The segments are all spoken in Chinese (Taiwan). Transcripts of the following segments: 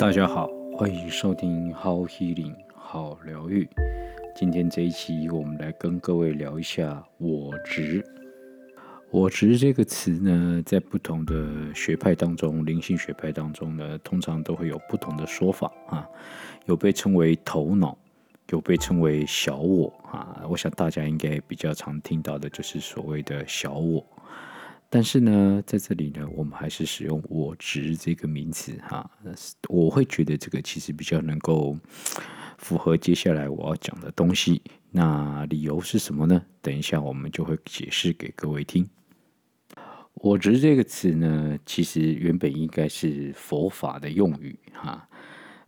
大家好，歡迎收聽 How healing How 療癒。今天這一期，我們來跟各位聊一下我執。我執這個詞呢，在不同的學派當中，靈性學派當中呢，通常都會有不同的說法啊，有被稱為頭腦，有被稱為小我啊。我想大家應該比較常聽到的就是所謂的小我。但是呢，在這裡呢，我們還是使用「我執」這個名詞哈，我會覺得這個其實比較能夠符合接下來我要講的東西。那理由是什麼呢？等一下我們就會解釋給各位聽。「我執」這個詞呢，其實原本應該是佛法的用語哈。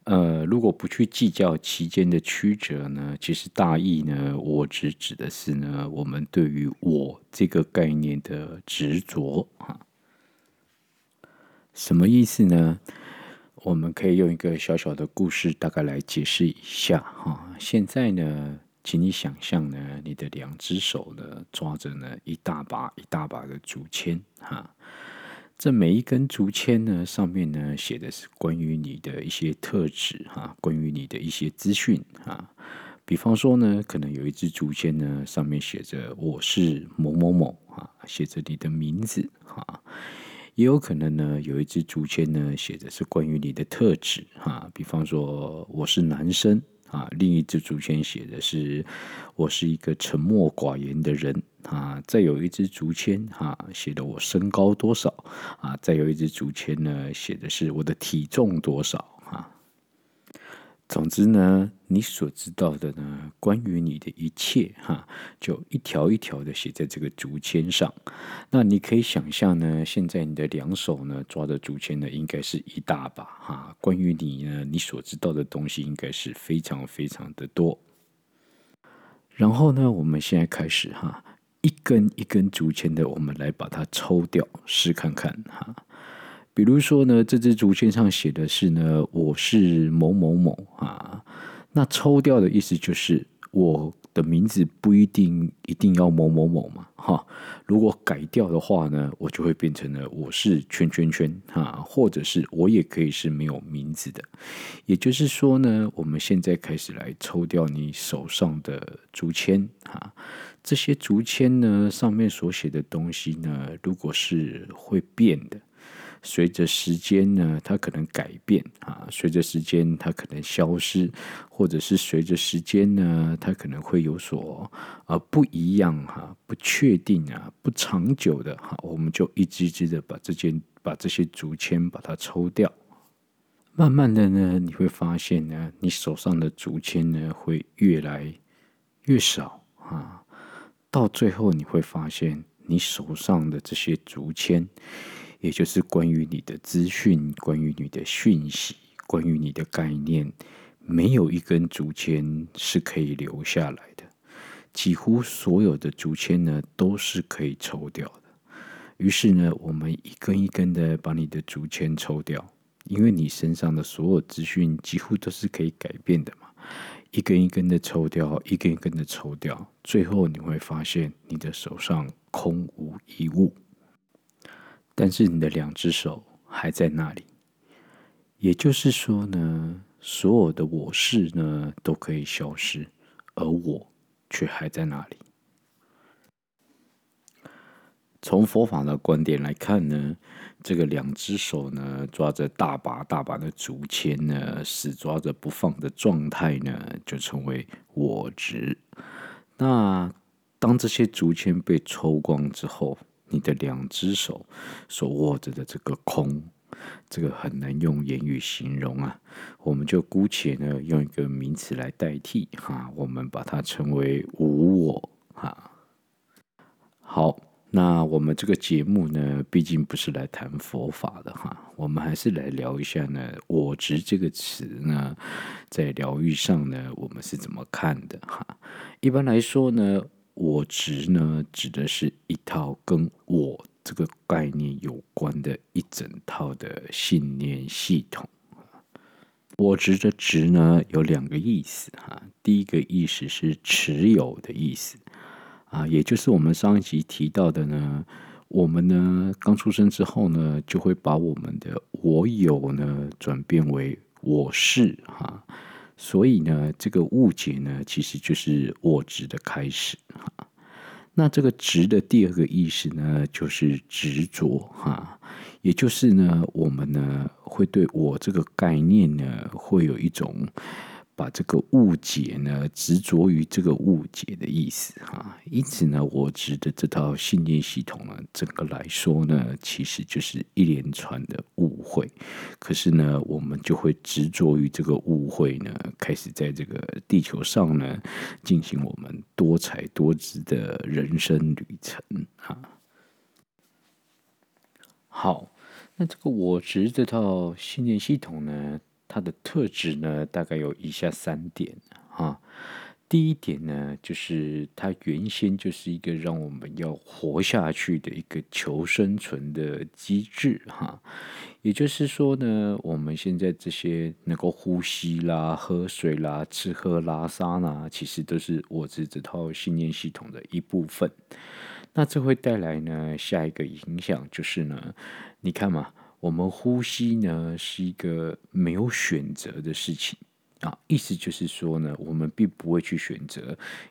呃，如果不去計較其間的曲折呢，其實大意呢，我執指的是呢，我們對於“我”這個概念的執着啊，什麼意思呢？我們可以用一個小小的故事大概來解釋一下哈。現在呢，請你想象呢，你的兩隻手呢，抓着呢一大把一大把的竹籤哈。這每一根竹籤呢，上面呢寫的是關於你的一些特質哈、啊，關於你的一些資訊哈、啊，比方說呢，可能有一支竹籤呢，上面寫着“我是某某某”啊，寫着你的名字哈、啊。也有可能呢，有一支竹籤呢，寫的是關於你的特質哈、啊。比方說，我是男生啊，另一支竹籤寫的是“我是一個沉默寡言的人”。啊，再有一支竹籤，哈、啊，寫的我身高多少？啊，再有一支竹籤呢，寫的是我的體重多少？哈、啊。總之呢，你所知道的呢，關於你的一切，哈、啊，就一條一條的寫在這個竹籤上。那你可以想象呢，現在你的兩手呢，抓的竹籤呢，應該是一大把，哈、啊，關於你呢，你所知道的東西，應該是非常非常的多。然後呢，我們現在開始，哈、啊。一根一根竹籤的，我們來把它抽掉，試看看哈。比如說呢，這支竹籤上寫的是呢，我是某某某啊。那抽掉的意思就是我的名字不一定一定要某某某嘛，哈。如果改掉的話呢，我就會變成了我是圈圈圈哈，或者是我也可以是沒有名字的。也就是說呢，我們現在開始來抽掉你手上的竹籤哈。這些竹籤呢，上面所寫的東西呢，如果是會變的，隨着時間呢，它可能改變啊，隨着時間，它可能消失，或者是隨着時間呢，它可能會有所啊不一樣哈、啊，不確定啊，不長久的哈、啊，我們就一支支的把這些把這些竹籤把它抽掉，慢慢的呢，你會發現呢，你手上的竹籤呢會越來越少啊。到最後，你會發現你手上的這些竹籤，也就是關於你的資訊、關於你的訊息、關於你的概念，沒有一根竹籤是可以留下來的。幾乎所有的竹籤呢，都是可以抽掉的。於是呢，我們一根一根的把你的竹籤抽掉，因為你身上的所有資訊幾乎都是可以改變的嘛。一根一根的抽掉，一根一根的抽掉，最後你會發現你的手上空無一物，但是你的兩隻手還在那裡。也就是說呢，所有的我執呢都可以消失，而我卻還在那裡。從佛法的觀點來看呢，這個兩隻手呢，抓着大把大把的竹籤呢，死抓着不放的狀態呢，就稱為我執。那當這些竹籤被抽光之後，你的兩隻手所握着的這個空，這個很難用言語形容啊，我們就姑且呢用一個名詞來代替哈，我們把它稱為無我，我哈。好。那我們這個節目呢，畢竟不是來談佛法的哈，我們還是來聊一下呢。我執這個詞呢，在療癒上呢，我們是怎麼看的哈？一般來說呢，我執呢，指的是一套跟我這個概念有關的一整套的信念系統。我執的執呢，有兩個意思哈。第一個意思是持有的意思。啊，也就是我們上一集提到的呢，我們呢剛出生之後呢，就會把我們的“我有”呢轉變為“我是”哈、啊，所以呢，這個誤解呢，其實就是我執的開始哈、啊。那這個“執”的第二個意思呢，就是執着哈，也就是呢，我們呢會對我這個概念呢，會有一種。把這個誤解呢，執着於這個誤解的意思哈、啊，因此呢，我執的這套信念系統呢，整個來說呢，其實就是一連串的誤會。可是呢，我們就會執着於這個誤會呢，開始在這個地球上呢，進行我們多彩多姿的人生旅程哈、啊。好，那這個我執這套信念系統呢，它的特質呢，大概有以下三點啊。第一點呢，就是它原先就是一個讓我們要活下去的一個求生存的機製哈。也就是說呢，我們現在這些能夠呼吸啦、喝水啦、吃喝拉撒啦，其實都是我執這套信念系統的一部分。那這會帶來呢下一個影響就是呢，你看嘛。我們呼吸呢是一個沒有選擇的事情啊，意思就是說呢，我們並不會去選擇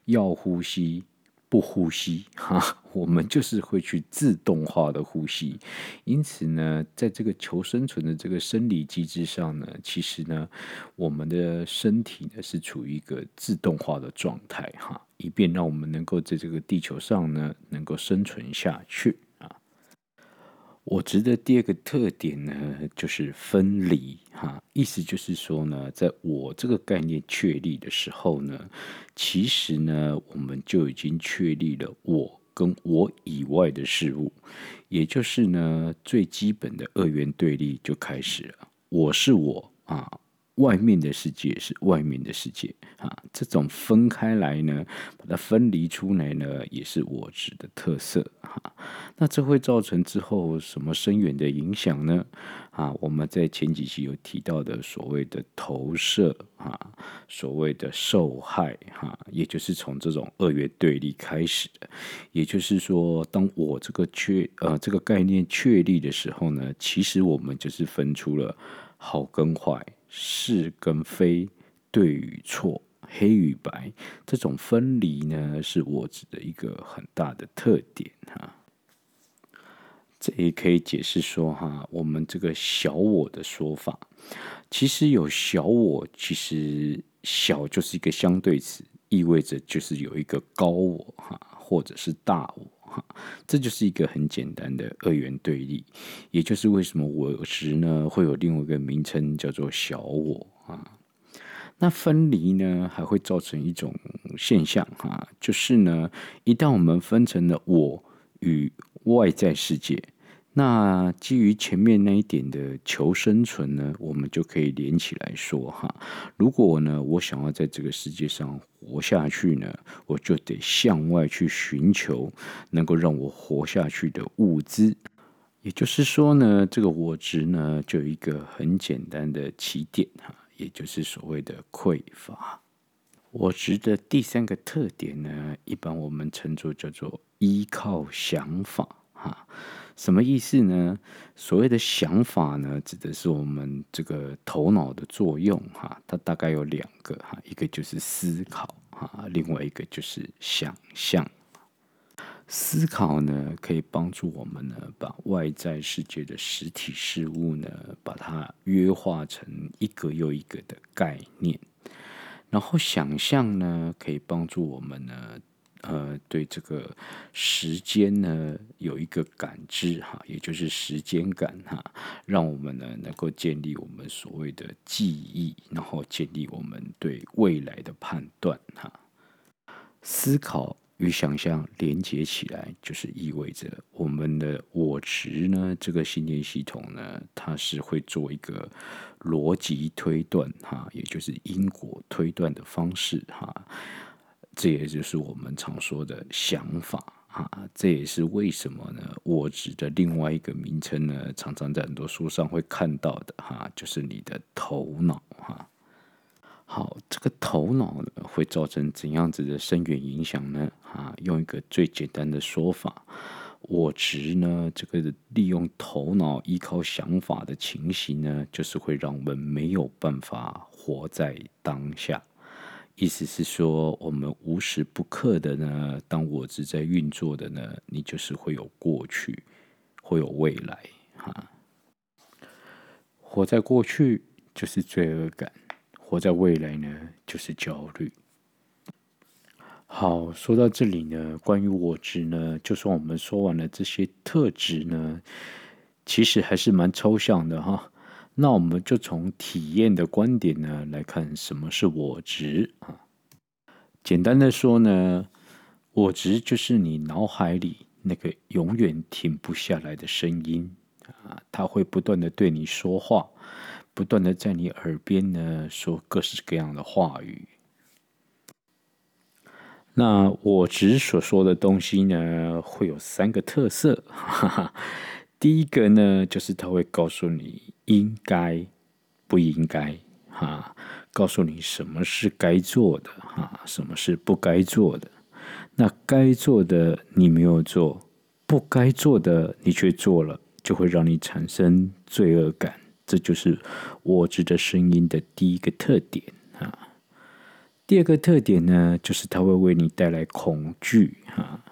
要呼吸不呼吸哈、啊，我們就是會去自動化的呼吸。因此呢，在這個求生存的這個生理機制上呢，其實呢，我們的身體呢是處於一個自動化的狀態哈，以便讓我們能夠在這個地球上呢能夠生存下去。我執的第二個特點呢，就是分離哈，意思就是說呢，在我這個概念確立的時候呢，其實呢，我們就已經確立了我跟我以外的事物，也就是呢，最基本的二元對立就開始了。我是我啊。外面的世界是外面的世界，啊，這種分開來呢，把它分離出來呢，也是我執的特色，哈。那這會造成之後什麼深遠的影響呢？啊，我們在前幾期有提到的所謂的投射，哈，所謂的受害，哈，也就是從這種二元對立開始的。也就是說，當我這個確呃這個概念確立的時候呢，其實我們就是分出了好跟壞。是跟非、對與錯、黑與白，這種分離呢，是我執的一個很大的特點哈。這也可以解釋說哈，我們這個小我的說法，其實有小我，其實小就是一個相對詞，意味着就是有一個高我哈，或者是大我。這就是一個很簡單的二元對立，也就是為什麼我執呢會有另外一個名稱叫做小我啊。那分離呢還會造成一種現象哈，就是呢一旦我們分成了我與外在世界。那基於前面那一點的求生存呢，我們就可以連起來說哈。如果呢，我想要在這個世界上活下去呢，我就得向外去尋求能夠讓我活下去的物資。也就是說呢，這個我執呢，就有一個很簡單的起點哈，也就是所謂的匱乏。我執的第三個特點呢，一般我們稱作叫做依靠想法。哈，什麼意思呢？所謂的想法呢，指的是我們這個頭腦的作用。哈，它大概有兩個哈，一個就是思考哈，另外一個就是想象。思考呢，可以幫助我們呢，把外在世界的實體事物呢，把它約化成一個又一個的概念。然後想象呢，可以幫助我們呢。呃，對這個時間呢，有一個感知哈，也就是時間感哈，讓我們呢能夠建立我們所謂的記憶，然後建立我們對未來的判斷哈。思考與想象連接起來，就是意味着我們的我執呢，這個信念系統呢，它是會做一個邏輯推斷哈，也就是因果推斷的方式哈。這也就是我們常說的想法啊，這也是為什麼呢？我執的另外一個名稱呢，常常在很多書上會看到的哈，就是你的頭腦哈。好，這個頭腦呢，會造成怎樣子的深遠影響呢？哈，用一個最簡單的說法，我執呢，這個利用頭腦依靠想法的情形呢，就是會讓我們沒有辦法活在當下。意思是說，我們無時不刻的呢，當我執在運作的呢，你就是會有過去，會有未來，哈。活在過去就是罪惡感，活在未來呢就是焦慮。好，說到這裡呢，關於我執呢，就算我們說完了這些特質呢，其實還是蠻抽象的哈。那我們就從體驗的觀點呢來看，什麼是我執啊？簡單的說呢，我執就是你腦海裡那個永遠停不下來的聲音啊，它會不斷的對你說話，不斷的在你耳邊呢說各式各樣的話語。那我執所說的東西呢，會有三個特色，哈哈第一個呢，就是他會告訴你。應該不應該？哈、啊，告訴你什麼是該做的，哈、啊，什麼是不該做的。那該做的你沒有做，不該做的你卻做了，就會讓你產生罪惡感。這就是我執的聲音的第一個特點，哈、啊。第二個特點呢，就是它會為你帶來恐懼，哈、啊。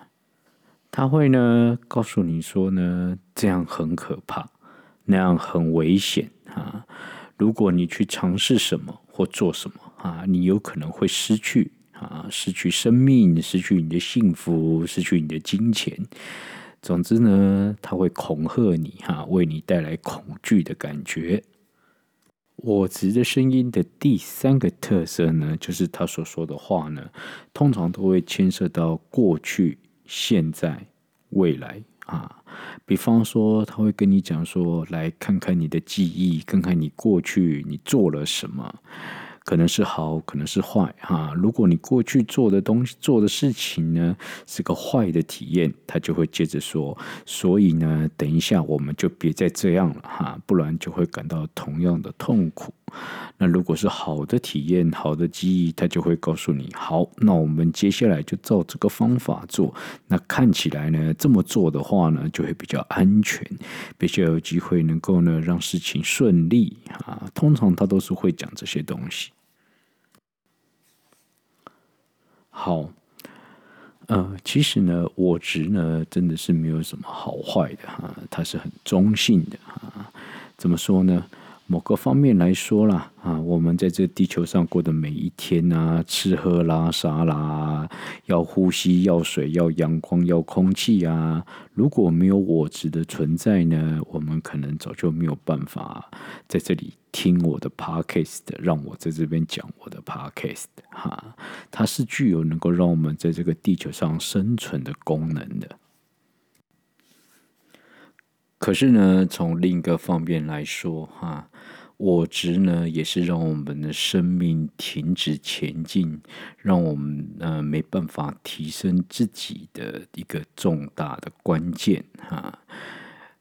它會呢，告訴你說呢，這樣很可怕。那樣很危險啊！如果你去嘗試什麼或做什麼啊，你有可能會失去啊，失去生命，失去你的幸福，失去你的金錢。總之呢，他會恐嚇你哈、啊，為你帶來恐懼的感覺。我執的聲音的第三個特色呢，就是他所說的話呢，通常都會牽涉到過去、現在、未來。啊，比方說，他會跟你講說，來看看你的記憶，看看你過去你做了什麼，可能是好，可能是壞哈、啊，如果你過去做的東西、做的事情呢，是個壞的體驗，他就會接着說，所以呢，等一下我們就別再這樣了哈、啊，不然就會感到同樣的痛苦。那如果是好的體驗、好的記憶，他就會告訴你：好，那我們接下來就照這個方法做。那看起來呢，這麼做的話呢，就會比較安全，比較有機會能夠呢讓事情順利啊。通常他都是會講這些東西。好，呃，其實呢，我執呢，真的是沒有什麼好壞的哈、啊，它是很中性的哈、啊。怎麼說呢？某個方面來說啦，啊，我們在這個地球上過的每一天啊，吃喝拉撒啦，要呼吸，要水，要陽光，要空氣啊。如果沒有我執的存在呢，我們可能早就沒有辦法在這裡聽我的 podcast，讓我在這邊講我的 podcast 哈，它是具有能夠讓我們在這個地球上生存的功能的。可是呢，從另一個方面來說，哈，我執呢也是讓我們的生命停止前進，讓我們呃沒辦法提升自己的一個重大的關鍵，哈。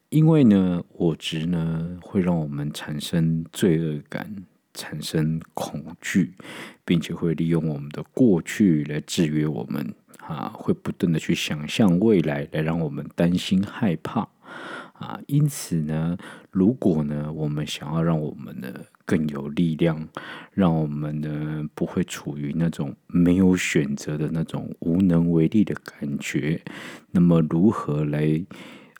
因為呢，我執呢會讓我們產生罪惡感，產生恐懼，並且會利用我們的過去來制約我們，啊，會不斷的去想象未來，來讓我們擔心害怕。啊，因此呢，如果呢，我們想要讓我們呢更有力量，讓我們呢不會處於那種沒有選擇的那種無能為力的感覺，那麼如何來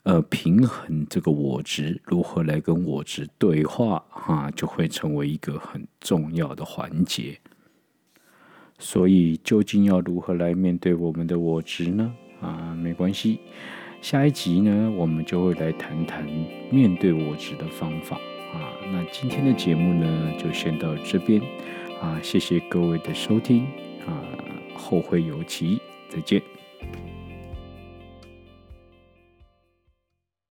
呃平衡這個我執？如何來跟我執對話，哈、啊，就會成為一個很重要的環節。所以，究竟要如何來面對我們的我執呢？啊，沒關係。下一集呢，我們就會來談談面對我執的方法啊。那今天的節目呢，就先到這邊啊。謝謝各位的收聽啊，後會有期，再見。